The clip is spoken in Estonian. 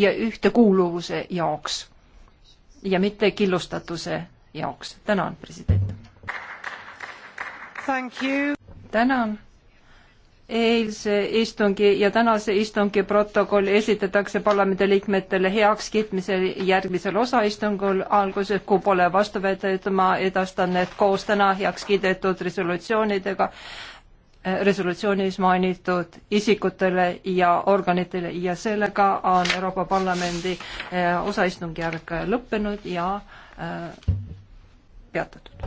ja ühtekuuluvuse jaoks ja mitte killustatuse jaoks. tänan, president. tänan. eilse istungi ja tänase istungi protokoll esitatakse parlamendiliikmetele heakskiitmisel järgmisel osaistungul. alguses, kui pole vastu võetud, ma edastan need koos täna heaks kiidetud resolutsioonidega resolutsioonis mainitud isikutele ja organitele ja sellega on Euroopa Parlamendi eh, osaistungjärk lõppenud ja eh, peatatud.